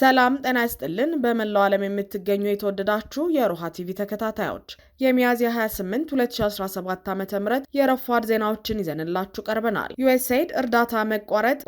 ሰላም ጤና ይስጥልን። በመላው ዓለም የምትገኙ የተወደዳችሁ የሮሃ ቲቪ ተከታታዮች የሚያዝያ 28 2017 ዓ ም የረፋድ ዜናዎችን ይዘንላችሁ ቀርበናል። ዩኤስኤድ እርዳታ መቋረጥ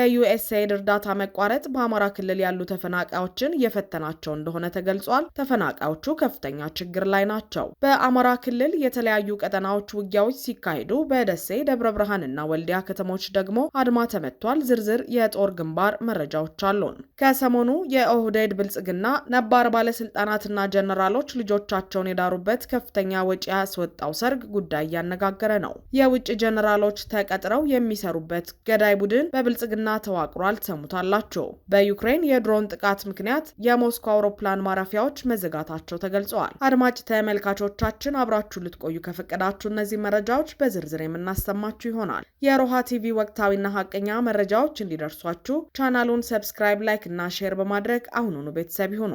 የዩኤስኤድ እርዳታ መቋረጥ በአማራ ክልል ያሉ ተፈናቃዮችን እየፈተናቸው እንደሆነ ተገልጿል። ተፈናቃዮቹ ከፍተኛ ችግር ላይ ናቸው። በአማራ ክልል የተለያዩ ቀጠናዎች ውጊያዎች ሲካሄዱ፣ በደሴ ደብረ ብርሃንና ወልዲያ ከተሞች ደግሞ አድማ ተመቷል። ዝርዝር የጦር ግንባር መረጃዎች አሉን። ከሰሞኑ የኦህዴድ ብልጽግና ነባር ባለስልጣናትና ጀነራሎች ልጆቻቸውን የዳሩበት ከፍተኛ ወጪ ያስወጣው ሰርግ ጉዳይ እያነጋገረ ነው። የውጭ ጀነራሎች ተቀጥረው የሚሰሩበት ገዳይ ቡድን በብልጽግና ተዋቅሯል። ሰሙታላቸው። በዩክሬን የድሮን ጥቃት ምክንያት የሞስኮ አውሮፕላን ማረፊያዎች መዘጋታቸው ተገልጸዋል። አድማጭ ተመልካቾቻችን አብራችሁ ልትቆዩ ከፈቀዳችሁ እነዚህ መረጃዎች በዝርዝር የምናሰማችሁ ይሆናል። የሮሃ ቲቪ ወቅታዊና ሀቀኛ መረጃዎች እንዲደርሷችሁ ቻናሉን ሰብስክራይብ ላይ ላይክ እና ሼር በማድረግ አሁኑኑ ቤተሰብ ይሁኑ።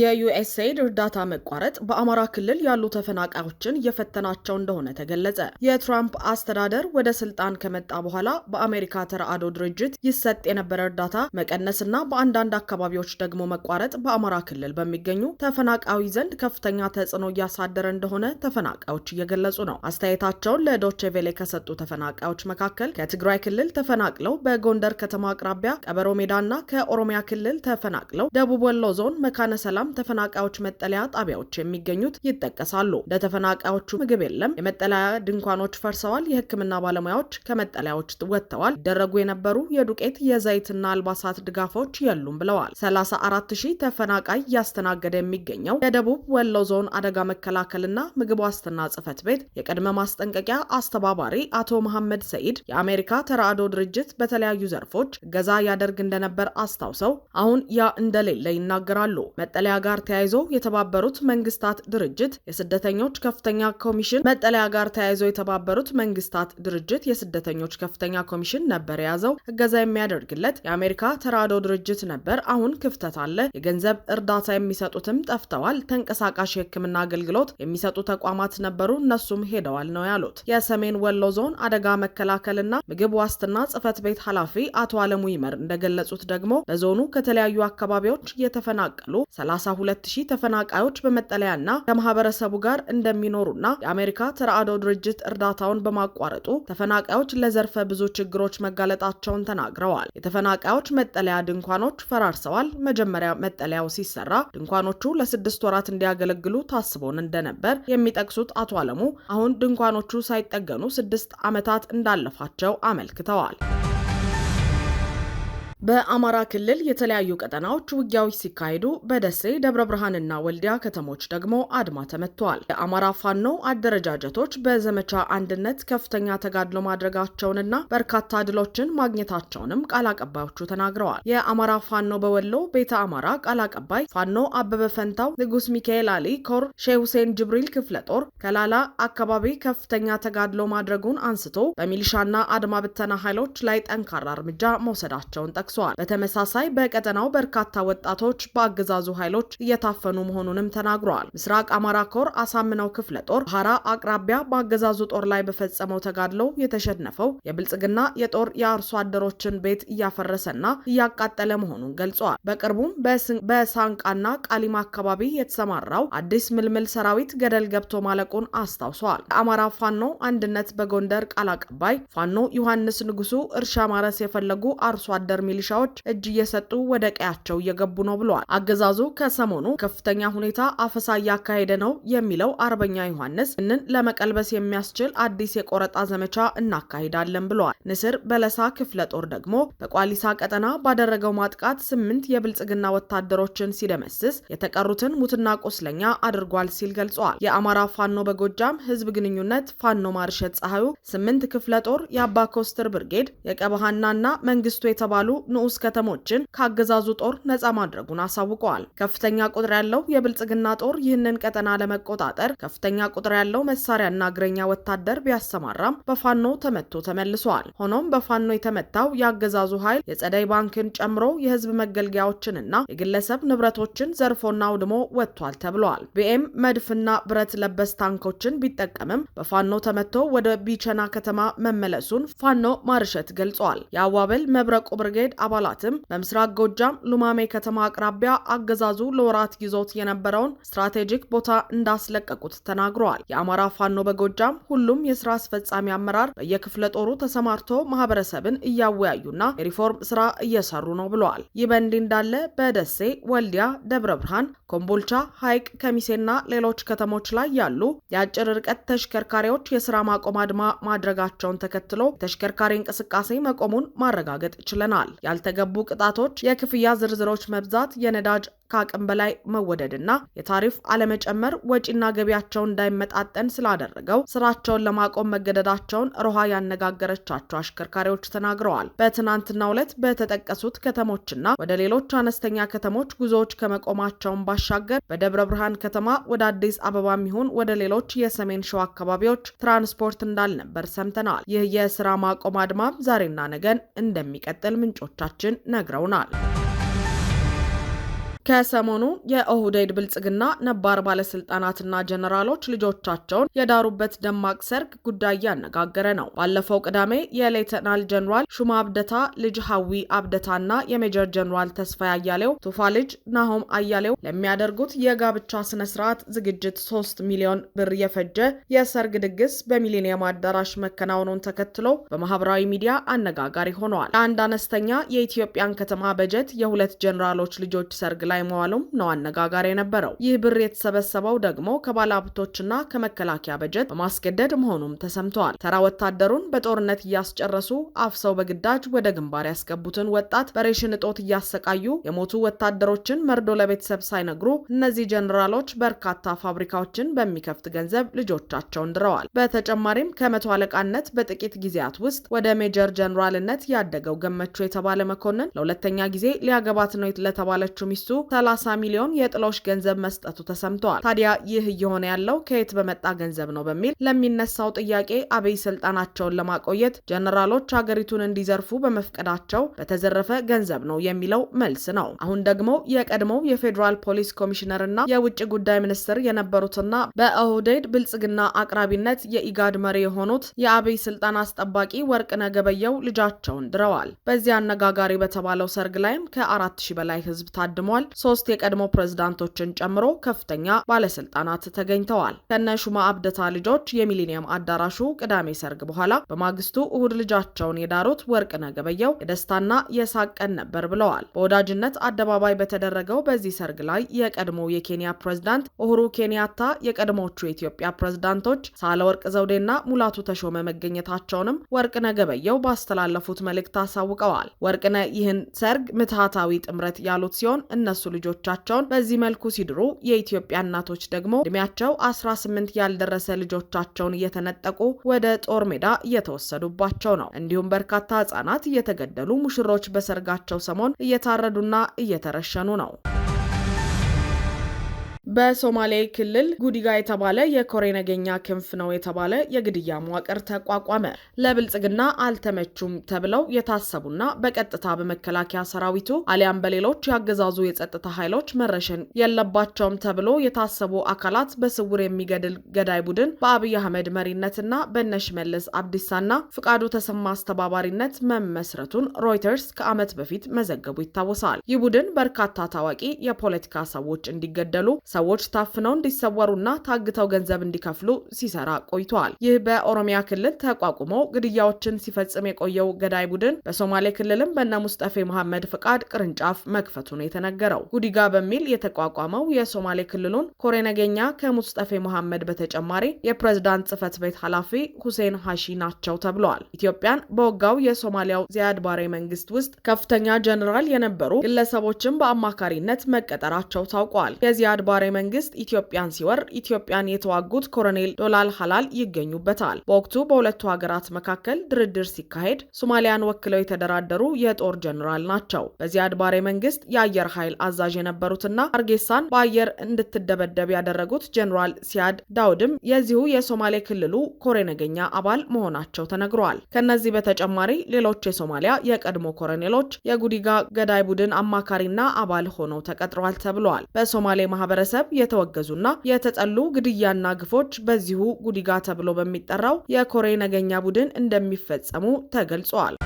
የዩኤስኤድ እርዳታ መቋረጥ በአማራ ክልል ያሉ ተፈናቃዮችን እየፈተናቸው እንደሆነ ተገለጸ። የትራምፕ አስተዳደር ወደ ስልጣን ከመጣ በኋላ በአሜሪካ ተራድኦ ድርጅት ይሰጥ የነበረ እርዳታ መቀነስና በአንዳንድ አካባቢዎች ደግሞ መቋረጥ በአማራ ክልል በሚገኙ ተፈናቃዊ ዘንድ ከፍተኛ ተጽዕኖ እያሳደረ እንደሆነ ተፈናቃዮች እየገለጹ ነው። አስተያየታቸውን ለዶቼቬሌ ከሰጡ ተፈናቃዮች መካከል ከትግራይ ክልል ተፈናቅለው በጎንደር ከተማ አቅራቢያ ቀበሮ ሜዳና ከኦሮሚያ ክልል ተፈናቅለው ደቡብ ወሎ ዞን መካነ ሰላም ሰላም ተፈናቃዮች መጠለያ ጣቢያዎች የሚገኙት ይጠቀሳሉ። ለተፈናቃዮቹ ምግብ የለም። የመጠለያ ድንኳኖች ፈርሰዋል። የህክምና ባለሙያዎች ከመጠለያዎች ወጥተዋል። ደረጉ የነበሩ የዱቄት የዘይትና አልባሳት ድጋፎች የሉም ብለዋል። 34 ሺህ ተፈናቃይ እያስተናገደ የሚገኘው የደቡብ ወሎ ዞን አደጋ መከላከልና ምግብ ዋስትና ጽሕፈት ቤት የቅድመ ማስጠንቀቂያ አስተባባሪ አቶ መሐመድ ሰኢድ የአሜሪካ ተራድኦ ድርጅት በተለያዩ ዘርፎች እገዛ ያደርግ እንደነበር አስታውሰው አሁን ያ እንደሌለ ይናገራሉ። መጠለያ መጠለያ ጋር ተያይዞ የተባበሩት መንግስታት ድርጅት የስደተኞች ከፍተኛ ኮሚሽን መጠለያ ጋር ተያይዞ የተባበሩት መንግስታት ድርጅት የስደተኞች ከፍተኛ ኮሚሽን ነበር የያዘው። እገዛ የሚያደርግለት የአሜሪካ ተራዶ ድርጅት ነበር። አሁን ክፍተት አለ። የገንዘብ እርዳታ የሚሰጡትም ጠፍተዋል። ተንቀሳቃሽ የህክምና አገልግሎት የሚሰጡ ተቋማት ነበሩ፣ እነሱም ሄደዋል ነው ያሉት የሰሜን ወሎ ዞን አደጋ መከላከልና ምግብ ዋስትና ጽህፈት ቤት ኃላፊ አቶ አለሙ ይመር እንደገለጹት ደግሞ በዞኑ ከተለያዩ አካባቢዎች የተፈናቀሉ ሰላሳ ሁለት ሺህ ተፈናቃዮች በመጠለያና ከማህበረሰቡ ጋር እንደሚኖሩና የአሜሪካ ተራድኦ ድርጅት እርዳታውን በማቋረጡ ተፈናቃዮች ለዘርፈ ብዙ ችግሮች መጋለጣቸውን ተናግረዋል። የተፈናቃዮች መጠለያ ድንኳኖች ፈራርሰዋል። መጀመሪያ መጠለያው ሲሰራ ድንኳኖቹ ለስድስት ወራት እንዲያገለግሉ ታስቦን እንደነበር የሚጠቅሱት አቶ አለሙ አሁን ድንኳኖቹ ሳይጠገኑ ስድስት ዓመታት እንዳለፋቸው አመልክተዋል። በአማራ ክልል የተለያዩ ቀጠናዎች ውጊያዎች ሲካሄዱ በደሴ ደብረ ብርሃንና ወልዲያ ከተሞች ደግሞ አድማ ተመትተዋል። የአማራ ፋኖ አደረጃጀቶች በዘመቻ አንድነት ከፍተኛ ተጋድሎ ማድረጋቸውንና በርካታ ድሎችን ማግኘታቸውንም ቃል አቀባዮቹ ተናግረዋል። የአማራ ፋኖ በወሎ ቤተ አማራ ቃል አቀባይ ፋኖ አበበ ፈንታው ንጉስ ሚካኤል አሊ ኮር ሼህ ሁሴን ጅብሪል ክፍለ ጦር ከላላ አካባቢ ከፍተኛ ተጋድሎ ማድረጉን አንስቶ በሚሊሻና አድማ ብተና ኃይሎች ላይ ጠንካራ እርምጃ መውሰዳቸውን ጠቅሷል። ጠቅሰዋል። በተመሳሳይ በቀጠናው በርካታ ወጣቶች በአገዛዙ ኃይሎች እየታፈኑ መሆኑንም ተናግረዋል። ምስራቅ አማራ ኮር አሳምነው ክፍለ ጦር ሀራ አቅራቢያ በአገዛዙ ጦር ላይ በፈጸመው ተጋድሎ የተሸነፈው የብልጽግና የጦር የአርሶ አደሮችን ቤት እያፈረሰና እያቃጠለ መሆኑን ገልጸዋል። በቅርቡም በሳንቃና ቃሊማ አካባቢ የተሰማራው አዲስ ምልምል ሰራዊት ገደል ገብቶ ማለቁን አስታውሰዋል። የአማራ ፋኖ አንድነት በጎንደር ቃል አቀባይ ፋኖ ዮሐንስ ንጉሱ እርሻ ማረስ የፈለጉ አርሶ አደር ሚሊ ሚሊሻዎች እጅ እየሰጡ ወደ ቀያቸው እየገቡ ነው ብለዋል። አገዛዙ ከሰሞኑ ከፍተኛ ሁኔታ አፈሳ እያካሄደ ነው የሚለው አርበኛ ዮሐንስ ይህንን ለመቀልበስ የሚያስችል አዲስ የቆረጣ ዘመቻ እናካሂዳለን ብለዋል። ንስር በለሳ ክፍለ ጦር ደግሞ በቋሊሳ ቀጠና ባደረገው ማጥቃት ስምንት የብልጽግና ወታደሮችን ሲደመስስ የተቀሩትን ሙትና ቁስለኛ አድርጓል ሲል ገልጿል። የአማራ ፋኖ በጎጃም ህዝብ ግንኙነት ፋኖ ማርሸት ፀሐዩ ስምንት ክፍለ ጦር የአባ ኮስተር ብርጌድ የቀበሃናና መንግስቱ የተባሉ ንዑስ ከተሞችን ከአገዛዙ ጦር ነጻ ማድረጉን አሳውቀዋል። ከፍተኛ ቁጥር ያለው የብልጽግና ጦር ይህንን ቀጠና ለመቆጣጠር ከፍተኛ ቁጥር ያለው መሳሪያና እግረኛ ወታደር ቢያሰማራም በፋኖ ተመቶ ተመልሷል። ሆኖም በፋኖ የተመታው የአገዛዙ ኃይል የጸደይ ባንክን ጨምሮ የህዝብ መገልገያዎችንና የግለሰብ ንብረቶችን ዘርፎና አውድሞ ወጥቷል ተብሏል። ቢኤም መድፍና ብረት ለበስ ታንኮችን ቢጠቀምም በፋኖ ተመቶ ወደ ቢቸና ከተማ መመለሱን ፋኖ ማርሸት ገልጿል። የአዋበል መብረቁ ብርጌድ ብርጌድ አባላትም በምስራቅ ጎጃም ሉማሜ ከተማ አቅራቢያ አገዛዙ ለወራት ይዞት የነበረውን ስትራቴጂክ ቦታ እንዳስለቀቁት ተናግረዋል። የአማራ ፋኖ በጎጃም ሁሉም የስራ አስፈጻሚ አመራር በየክፍለ ጦሩ ተሰማርቶ ማህበረሰብን እያወያዩና የሪፎርም ስራ እየሰሩ ነው ብለዋል። ይህ በእንዲህ እንዳለ በደሴ፣ ወልዲያ፣ ደብረ ብርሃን፣ ኮምቦልቻ፣ ሐይቅ፣ ከሚሴና ሌሎች ከተሞች ላይ ያሉ የአጭር ርቀት ተሽከርካሪዎች የስራ ማቆም አድማ ማድረጋቸውን ተከትሎ ተሽከርካሪ እንቅስቃሴ መቆሙን ማረጋገጥ ችለናል። ያልተገቡ ቅጣቶች፣ የክፍያ ዝርዝሮች መብዛት፣ የነዳጅ ከአቅም በላይ መወደድና የታሪፍ አለመጨመር ወጪና ገቢያቸውን እንዳይመጣጠን ስላደረገው ስራቸውን ለማቆም መገደዳቸውን ሮሃ ያነጋገረቻቸው አሽከርካሪዎች ተናግረዋል። በትናንትናው ዕለት በተጠቀሱት ከተሞችና ወደ ሌሎች አነስተኛ ከተሞች ጉዞዎች ከመቆማቸውን ባሻገር በደብረ ብርሃን ከተማ ወደ አዲስ አበባ የሚሆን ወደ ሌሎች የሰሜን ሸዋ አካባቢዎች ትራንስፖርት እንዳልነበር ሰምተናል። ይህ የስራ ማቆም አድማም ዛሬና ነገን እንደሚቀጥል ምንጮቻችን ነግረውናል። ከሰሞኑ የኦህዴድ ብልጽግና ነባር ባለስልጣናትና ጀነራሎች ልጆቻቸውን የዳሩበት ደማቅ ሰርግ ጉዳይ እያነጋገረ ነው። ባለፈው ቅዳሜ የሌተናል ጀኔራል ሹማ አብደታ ልጅ ሀዊ አብደታና የሜጀር ጀኔራል ተስፋዬ አያሌው ቱፋ ልጅ ናሆም አያሌው ለሚያደርጉት የጋብቻ ስነ ስርዓት ዝግጅት ሶስት ሚሊዮን ብር የፈጀ የሰርግ ድግስ በሚሊኒየም አዳራሽ መከናወኑን ተከትሎ በማህበራዊ ሚዲያ አነጋጋሪ ሆነዋል። ለአንድ አነስተኛ የኢትዮጵያን ከተማ በጀት የሁለት ጀኔራሎች ልጆች ሰርግ ላይ መዋሉም ነው አነጋጋሪ የነበረው። ይህ ብር የተሰበሰበው ደግሞ ከባለሀብቶችና ከመከላከያ በጀት በማስገደድ መሆኑም ተሰምተዋል። ተራ ወታደሩን በጦርነት እያስጨረሱ አፍሰው በግዳጅ ወደ ግንባር ያስገቡትን ወጣት በሬሽን እጦት እያሰቃዩ የሞቱ ወታደሮችን መርዶ ለቤተሰብ ሳይነግሩ እነዚህ ጀኔራሎች በርካታ ፋብሪካዎችን በሚከፍት ገንዘብ ልጆቻቸውን ድረዋል። በተጨማሪም ከመቶ አለቃነት በጥቂት ጊዜያት ውስጥ ወደ ሜጀር ጀኔራልነት ያደገው ገመቹ የተባለ መኮንን ለሁለተኛ ጊዜ ሊያገባት ነው ለተባለችው ሚስቱ 30 ሚሊዮን የጥሎሽ ገንዘብ መስጠቱ ተሰምተዋል። ታዲያ ይህ እየሆነ ያለው ከየት በመጣ ገንዘብ ነው በሚል ለሚነሳው ጥያቄ አብይ ስልጣናቸውን ለማቆየት ጀነራሎች ሀገሪቱን እንዲዘርፉ በመፍቀዳቸው በተዘረፈ ገንዘብ ነው የሚለው መልስ ነው። አሁን ደግሞ የቀድሞው የፌዴራል ፖሊስ ኮሚሽነርና የውጭ ጉዳይ ሚኒስትር የነበሩትና በኦህዴድ ብልጽግና አቅራቢነት የኢጋድ መሪ የሆኑት የአብይ ስልጣን አስጠባቂ ወርቅነህ ገበየሁ ልጃቸውን ድረዋል። በዚህ አነጋጋሪ በተባለው ሰርግ ላይም ከአራት ሺህ በላይ ህዝብ ታድሟል። ሶስት የቀድሞ ፕሬዝዳንቶችን ጨምሮ ከፍተኛ ባለስልጣናት ተገኝተዋል። ከነ ሹማ አብደታ ልጆች የሚሊኒየም አዳራሹ ቅዳሜ ሰርግ በኋላ በማግስቱ እሁድ ልጃቸውን የዳሩት ወርቅነህ ነገበየው የደስታና የሳቅ ቀን ነበር ብለዋል። በወዳጅነት አደባባይ በተደረገው በዚህ ሰርግ ላይ የቀድሞ የኬንያ ፕሬዝዳንት ኡሁሩ ኬንያታ፣ የቀድሞቹ የኢትዮጵያ ፕሬዝዳንቶች ሳህለወርቅ ዘውዴና ሙላቱ ተሾመ መገኘታቸውንም ወርቅነህ ነገበየው ባስተላለፉት መልእክት አሳውቀዋል። ወርቅነህ ይህን ሰርግ ምትሃታዊ ጥምረት ያሉት ሲሆን እነሱ ያልደረሱ ልጆቻቸውን በዚህ መልኩ ሲድሩ የኢትዮጵያ እናቶች ደግሞ እድሜያቸው 18 ያልደረሰ ልጆቻቸውን እየተነጠቁ ወደ ጦር ሜዳ እየተወሰዱባቸው ነው። እንዲሁም በርካታ ህጻናት እየተገደሉ ሙሽሮች በሰርጋቸው ሰሞን እየታረዱና እየተረሸኑ ነው። በሶማሌ ክልል ጉዲጋ የተባለ የኮሬ ነገኛ ክንፍ ነው የተባለ የግድያ መዋቅር ተቋቋመ። ለብልጽግና አልተመቹም ተብለው የታሰቡና በቀጥታ በመከላከያ ሰራዊቱ አሊያም በሌሎች ያገዛዙ የጸጥታ ኃይሎች መረሸን የለባቸውም ተብሎ የታሰቡ አካላት በስውር የሚገድል ገዳይ ቡድን በአብይ አህመድ መሪነትና በነሽ መለስ አብዲሳና ፍቃዱ ተሰማ አስተባባሪነት መመስረቱን ሮይተርስ ከዓመት በፊት መዘገቡ ይታወሳል። ይህ ቡድን በርካታ ታዋቂ የፖለቲካ ሰዎች እንዲገደሉ ሰዎች ታፍነው እንዲሰወሩና ታግተው ገንዘብ እንዲከፍሉ ሲሰራ ቆይተዋል። ይህ በኦሮሚያ ክልል ተቋቁሞ ግድያዎችን ሲፈጽም የቆየው ገዳይ ቡድን በሶማሌ ክልልም በነ ሙስጠፌ መሐመድ ፍቃድ ቅርንጫፍ መክፈቱ ነው የተነገረው። ጉዲጋ በሚል የተቋቋመው የሶማሌ ክልሉን ኮሬነገኛ ከሙስጠፌ መሐመድ በተጨማሪ የፕሬዝዳንት ጽህፈት ቤት ኃላፊ ሁሴን ሃሺ ናቸው ተብለዋል። ኢትዮጵያን በወጋው የሶማሊያው ዚያድ ባሬ መንግስት ውስጥ ከፍተኛ ጀኔራል የነበሩ ግለሰቦችን በአማካሪነት መቀጠራቸው ታውቋል። የዚያድ ባሬ መንግስት ኢትዮጵያን ሲወር ኢትዮጵያን የተዋጉት ኮሎኔል ዶላል ሀላል ይገኙበታል። በወቅቱ በሁለቱ ሀገራት መካከል ድርድር ሲካሄድ ሶማሊያን ወክለው የተደራደሩ የጦር ጀኔራል ናቸው። በዚህ አድባሬ መንግስት የአየር ኃይል አዛዥ የነበሩትና አርጌሳን በአየር እንድትደበደብ ያደረጉት ጀኔራል ሲያድ ዳውድም የዚሁ የሶማሌ ክልሉ ኮሬነገኛ አባል መሆናቸው ተነግሯል። ከነዚህ በተጨማሪ ሌሎች የሶማሊያ የቀድሞ ኮሎኔሎች የጉዲጋ ገዳይ ቡድን አማካሪና አባል ሆነው ተቀጥረዋል ተብሏል። በሶማሌ ማህበረሰብ ማህበረሰብ የተወገዙና የተጠሉ ግድያና ግፎች በዚሁ ጉዲጋ ተብሎ በሚጠራው የኮሬ ነገኛ ቡድን እንደሚፈጸሙ ተገልጿል።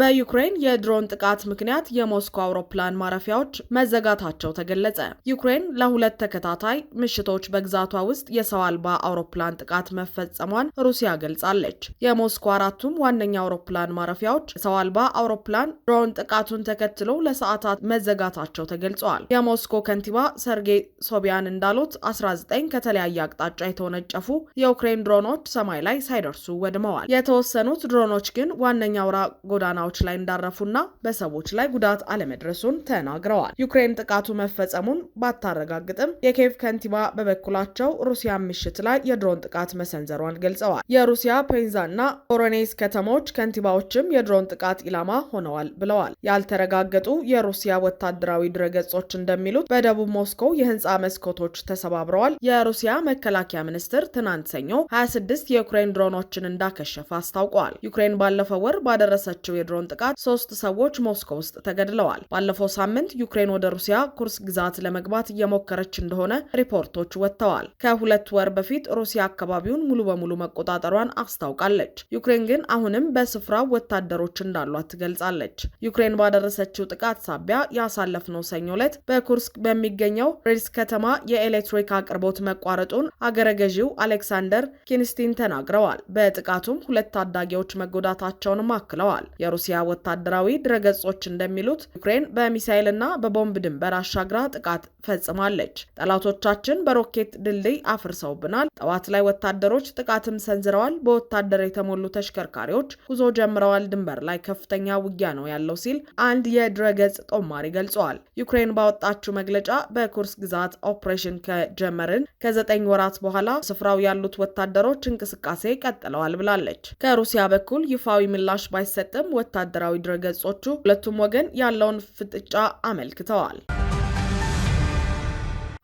በዩክሬን የድሮን ጥቃት ምክንያት የሞስኮ አውሮፕላን ማረፊያዎች መዘጋታቸው ተገለጸ። ዩክሬን ለሁለት ተከታታይ ምሽቶች በግዛቷ ውስጥ የሰው አልባ አውሮፕላን ጥቃት መፈጸሟን ሩሲያ ገልጻለች። የሞስኮ አራቱም ዋነኛ አውሮፕላን ማረፊያዎች ሰው አልባ አውሮፕላን ድሮን ጥቃቱን ተከትሎ ለሰዓታት መዘጋታቸው ተገልጸዋል። የሞስኮ ከንቲባ ሰርጌይ ሶቢያን እንዳሉት 19 ከተለያየ አቅጣጫ የተወነጨፉ የዩክሬን ድሮኖች ሰማይ ላይ ሳይደርሱ ወድመዋል። የተወሰኑት ድሮኖች ግን ዋነኛ አውራ ጎዳና ጎዳናዎች ላይ እንዳረፉና በሰዎች ላይ ጉዳት አለመድረሱን ተናግረዋል። ዩክሬን ጥቃቱ መፈጸሙን ባታረጋግጥም የኬቭ ከንቲባ በበኩላቸው ሩሲያ ምሽት ላይ የድሮን ጥቃት መሰንዘሯን ገልጸዋል። የሩሲያ ፔንዛና ኦሮኔስ ከተሞች ከንቲባዎችም የድሮን ጥቃት ኢላማ ሆነዋል ብለዋል። ያልተረጋገጡ የሩሲያ ወታደራዊ ድረገጾች እንደሚሉት በደቡብ ሞስኮ የህንፃ መስኮቶች ተሰባብረዋል። የሩሲያ መከላከያ ሚኒስትር ትናንት ሰኞ 26 የዩክሬን ድሮኖችን እንዳከሸፈ አስታውቋል። ዩክሬን ባለፈው ወር ባደረሰችው የድሮን ጥቃት ሶስት ሰዎች ሞስኮ ውስጥ ተገድለዋል። ባለፈው ሳምንት ዩክሬን ወደ ሩሲያ ኩርስ ግዛት ለመግባት እየሞከረች እንደሆነ ሪፖርቶች ወጥተዋል። ከሁለት ወር በፊት ሩሲያ አካባቢውን ሙሉ በሙሉ መቆጣጠሯን አስታውቃለች። ዩክሬን ግን አሁንም በስፍራው ወታደሮች እንዳሏት ትገልጻለች። ዩክሬን ባደረሰችው ጥቃት ሳቢያ ያሳለፍነው ሰኞ ዕለት በኩርስክ በሚገኘው ሬድስ ከተማ የኤሌክትሪክ አቅርቦት መቋረጡን አገረ ገዢው አሌክሳንደር ኪንስቲን ተናግረዋል። በጥቃቱም ሁለት ታዳጊዎች መጎዳታቸውንም አክለዋል። የሩሲያ ወታደራዊ ድረገጾች እንደሚሉት ዩክሬን በሚሳይልና በቦምብ ድንበር አሻግራ ጥቃት ፈጽማለች። ጠላቶቻችን በሮኬት ድልድይ አፍርሰውብናል። ጠዋት ላይ ወታደሮች ጥቃትም ሰንዝረዋል። በወታደር የተሞሉ ተሽከርካሪዎች ጉዞ ጀምረዋል። ድንበር ላይ ከፍተኛ ውጊያ ነው ያለው ሲል አንድ የድረገጽ ጦማሪ ገልጸዋል። ዩክሬን ባወጣችው መግለጫ በኩርስ ግዛት ኦፕሬሽን ከጀመርን ከዘጠኝ ወራት በኋላ ስፍራው ያሉት ወታደሮች እንቅስቃሴ ቀጥለዋል ብላለች። ከሩሲያ በኩል ይፋዊ ምላሽ ባይሰጥም ወታደራዊ ድረገጾቹ ሁለቱም ወገን ያለውን ፍጥጫ አመልክተዋል።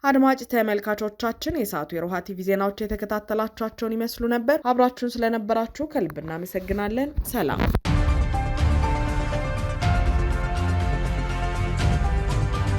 አድማጭ ተመልካቾቻችን የሰዓቱ የሮሃ ቲቪ ዜናዎች የተከታተላችኋቸውን ይመስሉ ነበር። አብራችሁን ስለነበራችሁ ከልብ እናመሰግናለን። ሰላም